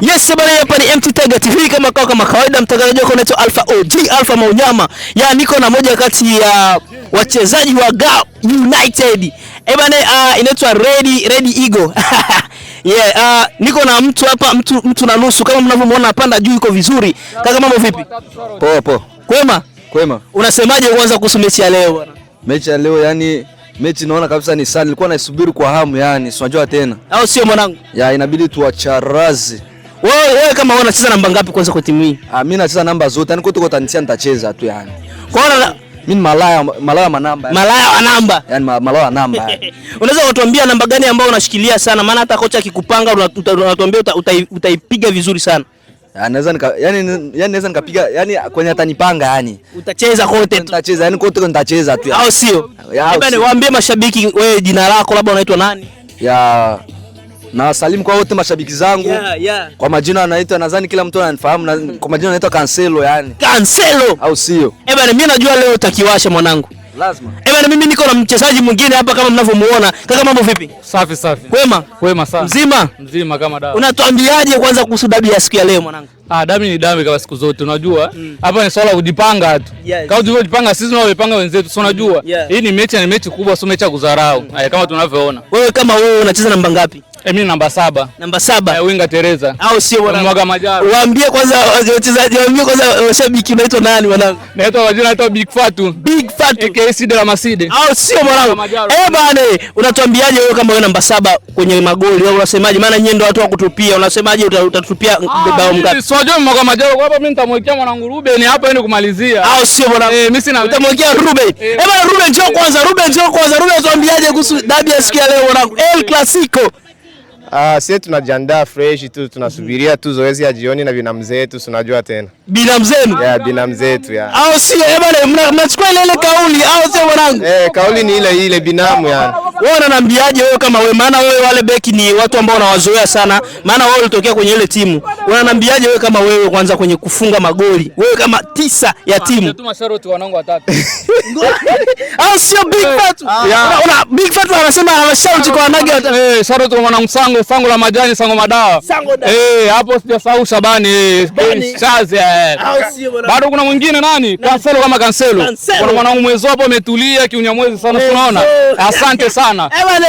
Yes, bwana hapa ni MT Tiger TV kama kwa kama kawaida mtangazaji wako anaitwa Alpha OG, Alpha Maunyama. Ya niko na moja kati ya uh, wachezaji wa GAU United. Eh, bwana uh, inaitwa Red Red Eagle. Yeah, uh, niko na mtu hapa mtu mtu na nusu kama mnavyomuona panda juu yuko vizuri. Kaka mambo vipi? Poa poa. Kwema? Kwema. Unasemaje kwanza kuhusu mechi ya leo bwana? Mechi ya leo yani mechi naona kabisa ni sana. Nilikuwa naisubiri kwa hamu yani, si unajua tena. Au sio mwanangu? Ya inabidi tuwacharazi wewe wewe kama wewe unacheza namba ngapi kwanza kwa timu hii? Ah, mimi nacheza namba zote. Yaani kote kote nitacheza tu yani. Kwa hiyo mimi malaya malaya wa namba. Malaya wa namba. Yaani malaya wa namba. Unaweza kutuambia namba gani ambayo unashikilia sana? Maana hata kocha akikupanga unatuambia uta, uta, utaipiga vizuri sana. Ah, naweza nika yani yani naweza nikapiga yani kwenye atanipanga yani. Utacheza kote tu. utacheza yani kote kote nitacheza tu. Yaani. Au sio? Hebu niwaambie mashabiki wewe jina lako labda unaitwa nani? Ya na wasalimu kwa wote mashabiki zangu yeah, yeah. Kwa majina anaitwa nadhani kila mtu ananifahamu na, kwa majina anaitwa Cancelo yani. Cancelo. au sio? Eh bana, mimi najua leo utakiwasha mwanangu. Lazima. Eh bana, mimi niko na mchezaji mwingine hapa kama mnavyomuona. Kaka, mambo vipi? Safi safi. Kwema? Kwema sana. Mzima? Mzima kama dawa. Unatuambiaje kwanza kuhusu dabi ya siku ya leo mwanangu? Ah, dami ni dami kama siku zote unajua. Mm. Hapa mm. ni swala kujipanga tu. Yes. Kama tulivyojipanga sisi na wapanga wenzetu, sio unajua. Yeah. Hii ni mechi ni mechi kubwa, sio mechi ya kudharau. Mm. Kama tunavyoona. Wewe kama wewe unacheza namba ngapi? Eh, mimi namba saba. Namba saba. Eh, winga Teresa. Au sio bwana? Mwaga Majaro. Waambie kwanza wachezaji, waambie kwanza washabiki unaitwa nani mwanangu? Naitwa wajina naitwa Big Fatu. Big Fatu. AKA Sidi la Maside. Au sio mwanangu? Eh, bana, eh, unatuambiaje wewe kama wewe namba saba kwenye magoli au unasemaje? Maana nyinyi ndio watu wa kutupia. Unasemaje utatupia ah, bao ngapi? Sio jeu Mwaga Majaro. Kwa hapa mimi nitamwekea mwanangu Ruben hapa ende kumalizia. Au sio bwana? Eh, mimi sina. Utamwekea Ruben. Eh, eh bana, Ruben njoo kwanza. Ruben njoo kwanza. Ruben tuambiaje kuhusu dabi ya siku ya leo mwanangu? El Clasico. Ah, sisi tunajiandaa fresh tu, tunasubiria tu zoezi ya jioni na binamu zetu, tunajua tena. Binamu zenu? Yeah, binamu zetu ya. Au si Eh, bwana mnachukua ile ile kauli au sio mwanangu? Eh, kauli ni ile ile binamu yani. Wewe unaniambiaje wewe kama wewe, maana wewe wale beki ni watu ambao unawazoea sana, maana wewe ulitokea kwenye ile timu. Unaniambiaje wewe kama wewe, kwanza kwenye kufunga magoli, wewe kama tisa ya ah, timu au sio? Big eh, Fat ah. una Big Fat anasema ana anashout kwa wanage, ah, eh, shout kwa mwanangu sango sango la majani sango madawa eh, hapo sijasahau Shabani Chaze, eh, eh. bado kuna mwingine nani, Cancelo kama Cancelo, kuna mwanangu mwezo hapo ametulia kiunyamwezi sana, unaona. Asante sana sana. Eh bwana.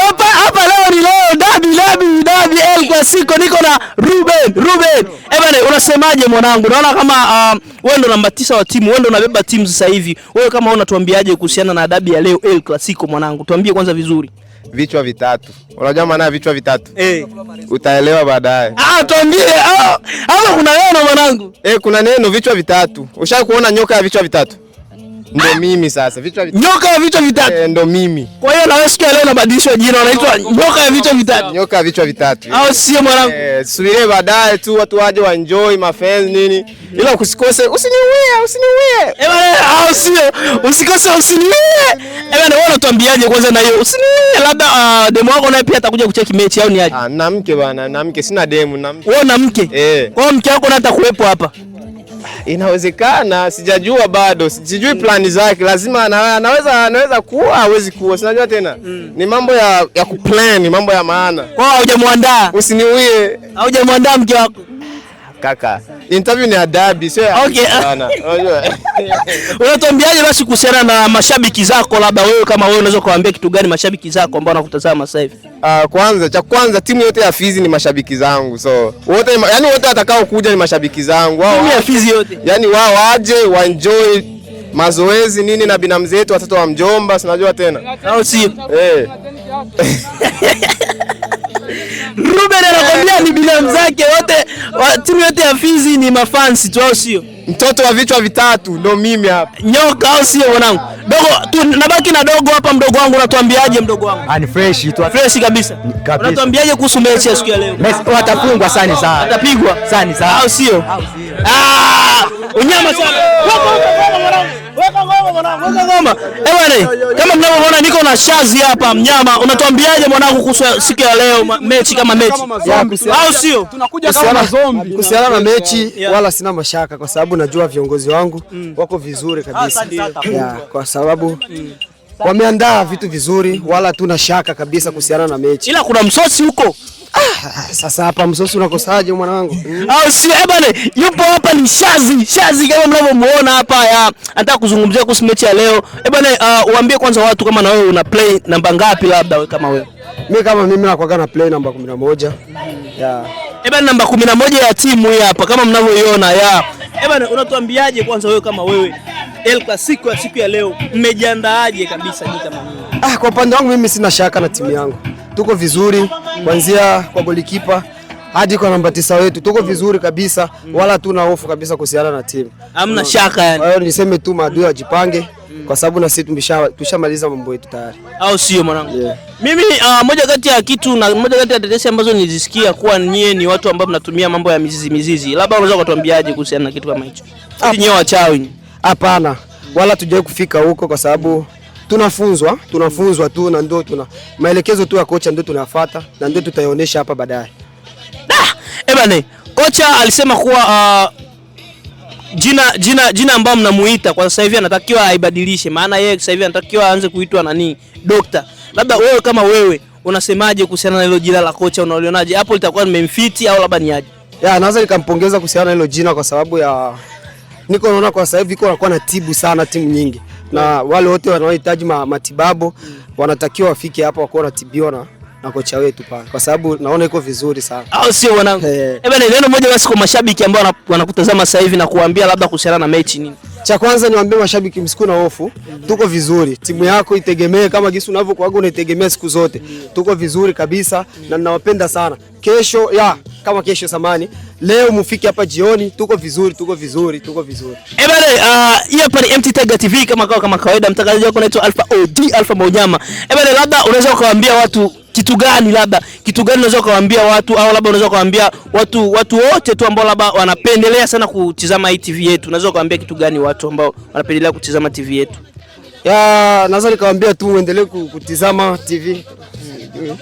Hapa hapa leo ni leo dabi dabi dabi El eh, Clasico niko na Ruben Ruben. Eh bwana unasemaje mwanangu? Naona kama um, wewe ndo namba tisa wa timu, wewe ndo unabeba timu sasa hivi. Wewe kama unatuambiaje kuhusiana na dabi ya leo El Clasico mwanangu? Tuambie kwanza vizuri. Vichwa vitatu. Unajua maana ya vichwa vitatu? Eh. Utaelewa baadaye. Ah, tuambie. Ah, hapo kuna neno mwanangu. Eh, kuna neno vichwa vitatu. Ushakuona nyoka ya vichwa vitatu? Ndo ah! mimi sasa. Vichwa vitatu. Nyoka ya vichwa vitatu. Eh, ndo mimi. Kwa hiyo na wewe siku leo unabadilishwa jina unaitwa nyoka ya vichwa vitatu. Nyoka ya vichwa vitatu. Au sio mwanangu? Eh, subirie baadaye tu watu waje wa enjoy my fans nini. Ila usikose, usiniuie, usiniuie. Eh, bwana, au sio? Usikose, usiniuie. Eh, bwana, wewe unatuambiaje kwanza na hiyo? Usiniuie labda ah, demo wako naye pia atakuja kucheki mechi au ni aje? Ah, na mke bwana, na mke sina demo, na mke. Wewe na mke? Eh. Kwa hiyo mke wako naye atakuwepo hapa. Inawezekana, sijajua bado, sijui plani zake. Lazima anaweza anaweza kuwa hawezi kuwa, sinajua tena mm. Ni mambo ya, ya kuplan, mambo ya maana. Kwa hiyo hujamwandaa, usiniuie, hujamwandaa mke wako Kaka, interview ni adabi sio ya. okay. Unatuambiaje basi kuhusiana na mashabiki zako, labda wewe kama wewe unaweza kuambia kitu gani mashabiki zako ambao wanakutazama sasa hivi? Uh, kwanza cha kwanza timu yote ya Fizi ni mashabiki zangu, so wote yani wote watakao kuja ni mashabiki zangu wao, ya Fizi yote yani wao waje wa enjoy mazoezi nini na binamu zetu watoto wa mjomba, sinajua tena au si eh Ruben yani binamu zake wote, timu yote ya Fizi ni mafansi tu, au sio? Mtoto wa vichwa vitatu ndo mimi hapa nyoka, au sio mwanangu? Dogo nabaki na dogo hapa. Mdogo wangu, unatuambiaje? Mdogo wangu ni fresh tu, fresh kabisa. Unatuambiaje kuhusu mechi ya siku ya leo? Watafungwa oh, sana sana, watapigwa sana sana, au sio? Ah, unyama sana Weka ngoma mwanangu, weka ngoma. Eh bwana, kama mnavyoona niko na Shazi hapa mnyama. Unatuambiaje mwanangu kuhusu siku ya leo mechi kama mechi? Au sio? Tunakuja kama Kuhusiana na mechi wala sina mashaka kwa sababu najua viongozi wangu mm. wako vizuri ah, kabisa. Kwa sababu mm. wameandaa vitu vizuri wala tuna shaka kabisa kuhusiana na mechi. Ila kuna msosi huko. Ah, sasa hapa msosi unakosaje mwana wangu? Hmm? Au ah, si eh bale, yupo hapa ni Shazi. Shazi kama mnavyomuona hapa ya anataka kuzungumzia kuhusu mechi ya leo. Eh, bwana uh, uambie kwanza watu kama na wewe una play namba ngapi labda wewe kama wewe. Mimi kama mimi na nakuaga na play namba 11. Yeah. Eh, bale, namba 11 ya timu hii hapa kama mnavyoiona ya. Eh, bale, unatuambiaje kwanza wewe kama wewe El Clasico ya siku ya leo mmejiandaaje kabisa nyinyi kama mimi? Ah, kwa upande wangu mimi sina shaka na timu yangu. Tuko vizuri kuanzia kwa golikipa hadi kwa namba tisa wetu tuko vizuri kabisa, wala hatuna hofu kabisa kuhusiana na timu, hamna shaka yani. Kwa hiyo niseme tu maadui wajipange kwa sababu na sisi tumeshamaliza mambo yetu tayari, au sio mwanangu? Yeah. Mimi uh, moja kati ya kitu na moja kati ya tetesi ambazo nilizisikia kuwa nyie ni watu ambao mnatumia mambo ya mizizi mizizi, labda unaweza kutuambiaje kuhusiana na kitu kama hicho? Nyie wachawi? Hapana, wala tujawahi kufika huko kwa sababu tunafunzwa tunafunzwa tu na ndio tuna maelekezo tu ya kocha ndio tunafuata na ndio tutaionyesha hapa baadaye. Eh bane, kocha alisema kuwa uh, jina jina jina ambalo mnamuita kwa sasa hivi anatakiwa aibadilishe, maana yeye sasa hivi anatakiwa aanze kuitwa nani, dokta. Labda wewe kama wewe unasemaje kuhusiana na hilo jina la kocha, unalionaje hapo? Litakuwa nimemfiti au labda ni aje? Ya, naweza nikampongeza kuhusiana na hilo jina kwa sababu ya niko naona kwa sasa hivi iko nakuwa na tibu sana timu nyingi, na wale wote wanaohitaji matibabu wanatakiwa wafike hapa wakuwa wanatibiwa na na kocha wetu pale, kwa sababu naona iko vizuri sana, au sio wanangu? Eh bana, neno moja basi kwa mashabiki ambao wanakutazama sasa hivi na kuambia labda kuhusiana na mechi nini? Cha kwanza niwaambie mashabiki, msiku na hofu, Mm-hmm. tuko vizuri. Timu yako itegemee kama jinsi unavyokuwa unaitegemea siku zote, Mm-hmm. tuko vizuri kabisa Mm-hmm. na ninawapenda sana. Kesho ya kama kesho samani. Leo mufike hapa jioni, tuko vizuri, tuko vizuri, tuko vizuri. Eh bale, ah, hiyo hapa ni MT Tiger TV kama kawa, kama kawaida mtangazaji wako anaitwa Alpha OD Alpha Manyama. Eh bale, labda unaweza ukawaambia watu kitu gani, labda kitu gani unaweza ukawaambia watu au labda unaweza ukawaambia watu watu wote tu ambao labda wanapendelea sana kutizama hii TV yetu, unaweza ukawaambia kitu gani watu ambao wanapendelea kutizama TV yetu? Ya, naweza nikawaambia tu uendelee kutizama TV. Eh.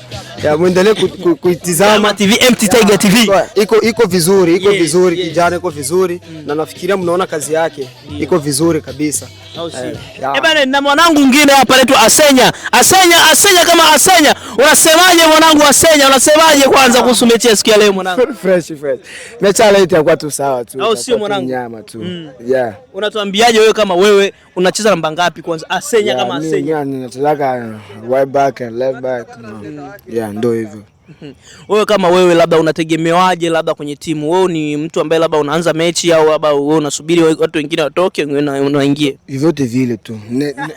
Ya Muendelee kuitizama TV MT Tiger TV. Iko iko vizuri, iko vizuri kijana, iko vizuri na nafikiria mnaona kazi yake mm. iko vizuri kabisa. Eh, eh bana, na mwanangu mwingine hapa anaitwa Asenya. Asenya, Asenya kama Asenya. Unasemaje mwanangu Asenya? Unasemaje kwanza kuhusu mechi ya siku ya leo mwanangu? Fresh fresh. Mechi ya leo itakuwa tu sawa tu. Au sio mwanangu? Nyama tu. Mm. Yeah. Unatuambiaje wewe kama wewe unacheza namba ngapi kwanza? Asenya ah, kama Asenya. Ninacheza right back and left back. Yeah, ndio hivyo. Wewe kama wewe labda unategemewaje labda kwenye timu? Wewe ni mtu ambaye labda unaanza mechi au labda wewe unasubiri watu wengine watoke na unaingie? Vyote vile tu.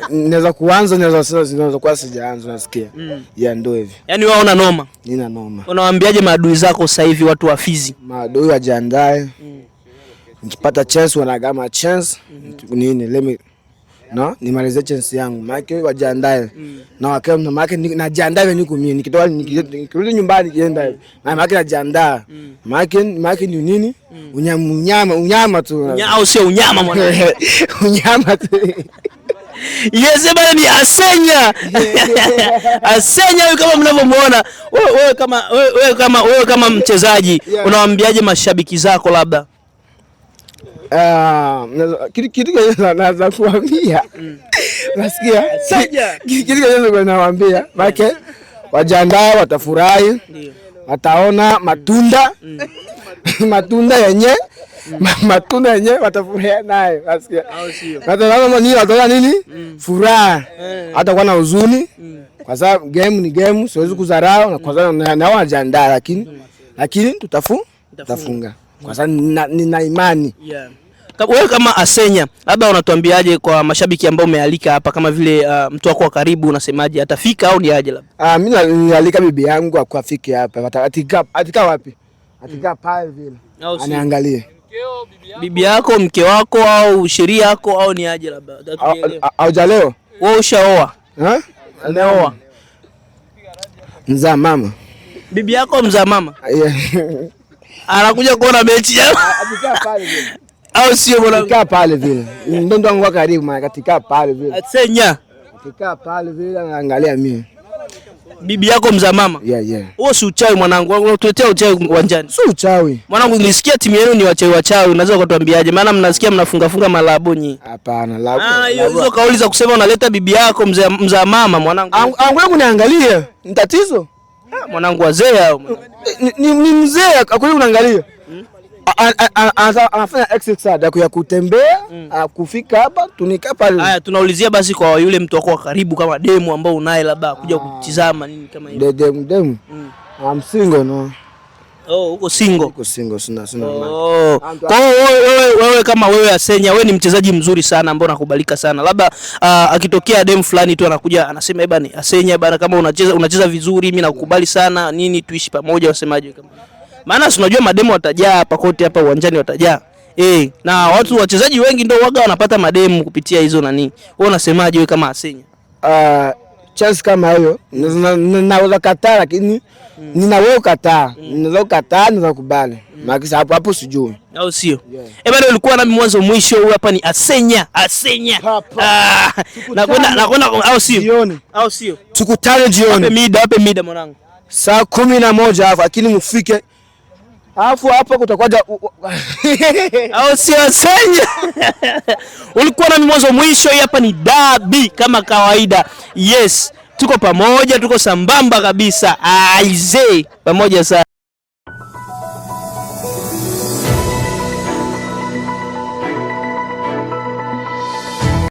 Naweza kuanza, naweza sasa naweza kuwa sijaanza nasikia. Mm. Yeah, ndio hivyo. Yaani wewe una noma? Nina noma. Unawaambiaje maadui zako sasa hivi watu wa Fizi? Maadui wajiandae. Mm. Nikipata chance wanagama chance. Mm-hmm. Nini? Let me no, nimalize chance yangu, maana wajiandae na wakiwa na maana najiandaa venye niko mimi, nikitoka nikirudi nyumbani nikienda hivi, maana najiandaa, maana ni nini? Unyama, unyama, unyama tu, au sio? Unyama mwana, unyama tu. Yes, bana ni Asenya. Asenya huyu kama mnavyomuona. Wewe kama wewe kama wewe kama mchezaji, unawambiaje mashabiki zako labda? Ah, kitu naweza kuambia, mm. nasikia kitu make mm. wajandaa watafurahi, wataona mm. matunda matunda yenye matunda yenye watafurahia nayo, nasikia wataona nini? Furaha, eh. kuwa na huzuni, kwa sababu game ni game, siwezi kuzarao na wajandaa, lakini lakini tutafunga kwa sababu nina, nina imani yeah. Wewe kama Asenya labda unatuambiaje kwa mashabiki ambao umealika hapa kama vile uh, mtu wako wa karibu unasemaje, atafika au ni aje? Labda ah, mimi nalialika bibi yangu akafike hapa. Atika, atika wapi? Atika mm. pale vile aniangalie bibi yako mke wako au sheria yako au ni aje? Labda auja leo wewe ushaoa ameoa mzaa mama bibi yako mzaa mama anakuja kuona mechi ah, au sio bwana? Kaa pale vile ndondo wangu wa karibu, maana katika pale vile atsenya, ah, katika pale vile anaangalia mimi bibi yako mza mama. Yeah, yeah. Wewe si uchawi mwanangu, unatuletea uchawi uwanjani. Si uchawi. Mwanangu nisikia timu yenu ni wachawi wachawi, unaweza ukatuambiaje? Maana mnasikia mnafunga funga malabo nyi. Hapana, labo. Ah, hizo kauli za kusema unaleta bibi yako mza mama mwanangu. Angu yangu niangalie, ni tatizo. Ah, mwanangu wazee ni mzee akuli, unaangalia hmm. anafanya exercise ya kutembea hmm. kufika hapa tunika pale. Haya, tunaulizia basi kwa yule mtu wako wa karibu, kama demu ambao unaye, labda kuja ah. kutizama nini kama hiyo demu demu, I'm hmm. ah, single no Oh, uko single. Uko single, sina sina. Oh. Kwa hiyo wewe wewe kama wewe Asenya, wewe ni mchezaji mzuri sana ambao nakubalika sana. Labda uh, akitokea dem fulani tu anakuja anasema eh, bana Asenya bana kama unacheza unacheza vizuri, mimi nakukubali sana. Nini tuishi pamoja, wasemaje kama? Maana si unajua mademu watajaa hapa kote hapa uwanjani watajaa. Eh, na watu wachezaji wengi ndio waga wanapata mademu kupitia hizo nani. Wewe unasemaje wewe kama Asenya? Ah, uh, chance kama hiyo naweza kataa lakini Mm. nina wewe ukataa mm. Ninaweza ukataa, kubali mm. Makisa hapo hapo sijui, au sio? yeah. Eh, bado ulikuwa nami mwanzo mwisho. Huyu hapa ni Asenya, Asenya ah, nakwenda nakwenda, au sio? Jioni, au sio? Tukutane jioni. Wape mida, wape mida mwanangu, saa kumi na moja hapo, lakini mfike Alafu hapo kutakuja au sio Asenya? Ulikuwa nami mwanzo mwisho. hapa ni dabi kama kawaida. Yes tuko pamoja, tuko sambamba kabisa. aize, pamoja sana.